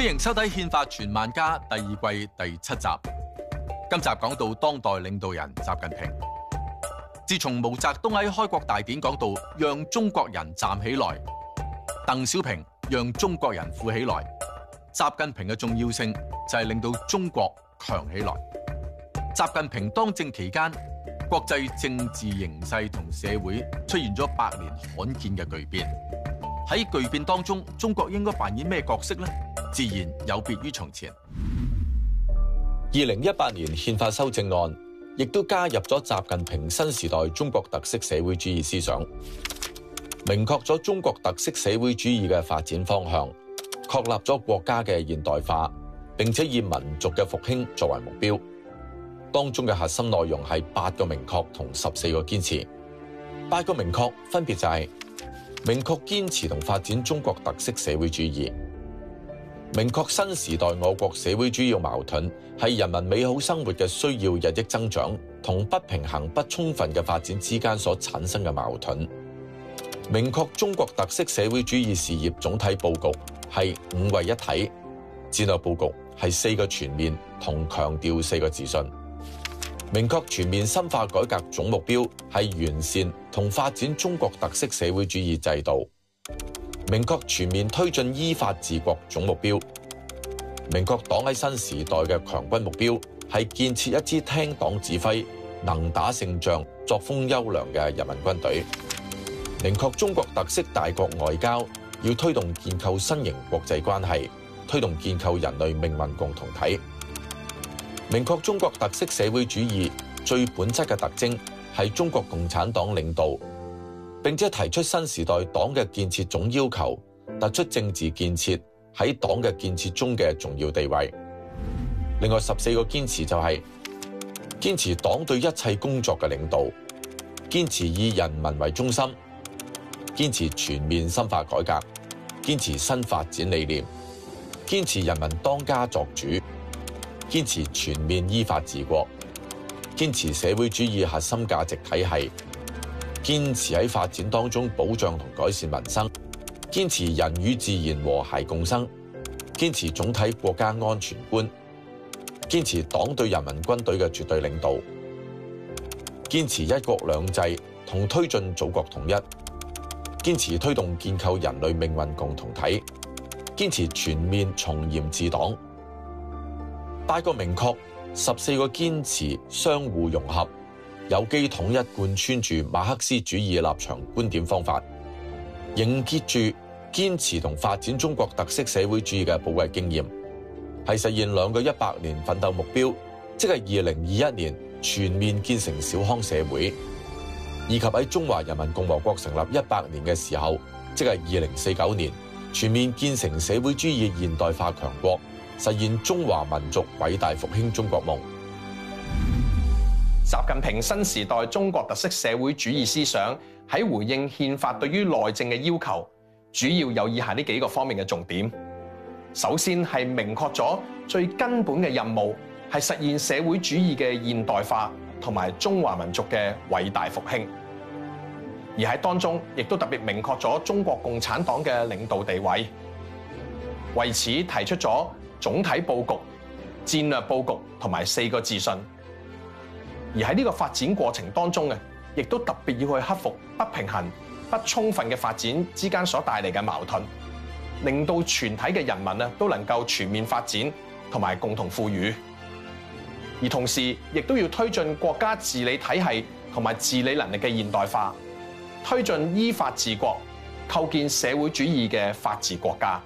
歡迎收睇《憲法傳萬家》第二季第七集。今集講到當代領導人習近平。自從毛澤東喺開國大典講到讓中國人站起來，鄧小平讓中國人富起來，習近平嘅重要性就係令到中國強起來。習近平當政期間，國際政治形勢同社會出現咗百年罕見嘅巨變。喺巨變當中，中國應該扮演咩角色呢？自然有別於從前。二零一八年憲法修正案亦都加入咗習近平新時代中國特色社會主義思想，明確咗中國特色社會主義嘅發展方向，確立咗國家嘅現代化，並且以民族嘅復興作為目標。當中嘅核心內容係八個明確同十四個堅持。八個明確分別就係、是。明確堅持同發展中國特色社會主義，明確新時代我國社會主要矛盾係人民美好生活嘅需要日益增長同不平衡不充分嘅發展之間所產生嘅矛盾。明確中國特色社會主義事業總體布局係五位一體，戰略布局係四個全面，同強調四個自信。明確全面深化改革總目標係完善同發展中國特色社會主義制度；明確全面推進依法治國總目標；明確黨喺新時代嘅強軍目標係建設一支聽黨指揮、能打勝仗、作風優良嘅人民軍隊；明確中國特色大國外交要推動建構新型國際關係，推動建構人類命運共同體。明確中國特色社會主義最本質嘅特徵係中國共產黨領導，並且提出新時代黨嘅建設總要求，突出政治建設喺黨嘅建設中嘅重要地位。另外，十四個堅持就係、是、堅持黨對一切工作嘅領導，堅持以人民為中心，堅持全面深化改革，堅持新發展理念，堅持人民當家作主。堅持全面依法治國，堅持社會主義核心價值體系，堅持喺發展當中保障同改善民生，堅持人與自然和諧共生，堅持總體國家安全觀，堅持黨對人民軍隊嘅絕對領導，堅持一國兩制同推進祖國統一，堅持推動建構人類命運共同體，堅持全面從嚴治黨。八個明確、十四個堅持相互融合、有機統一，貫穿住馬克思主義立場、觀點、方法，凝結住堅持同發展中國特色社會主義嘅寶貴經驗，係實現兩個一百年奮鬥目標，即係二零二一年全面建成小康社會，以及喺中華人民共和國成立一百年嘅時候，即係二零四九年全面建成社會主義的現代化強國。實現中華民族偉大復興中國夢。習近平新時代中國特色社會主義思想喺回應憲法對於內政嘅要求，主要有以下呢幾個方面嘅重點。首先係明確咗最根本嘅任務係實現社會主義嘅現代化同埋中華民族嘅偉大復興。而喺當中，亦都特別明確咗中國共產黨嘅領導地位。為此，提出咗。總體布局、戰略布局同埋四個自信，而喺呢個發展過程當中嘅，亦都特別要去克服不平衡、不充分嘅發展之間所帶嚟嘅矛盾，令到全體嘅人民都能夠全面發展同埋共同富裕，而同時亦都要推進國家治理體系同埋治理能力嘅現代化，推進依法治國，構建社會主義嘅法治國家。